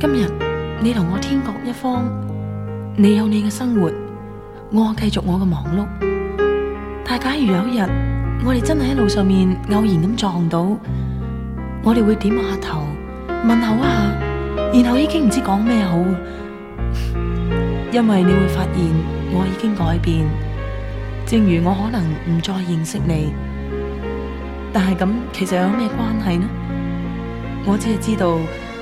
今日你同我天各一方，你有你嘅生活，我繼續我嘅忙碌。但假如有一日，我哋真係喺路上面偶然咁撞到，我哋會點下頭，問候一下，然後已經唔知講咩好，因為你會發現我已經改變，正如我可能唔再認識你，但係咁其實有咩關係呢？我只係知道。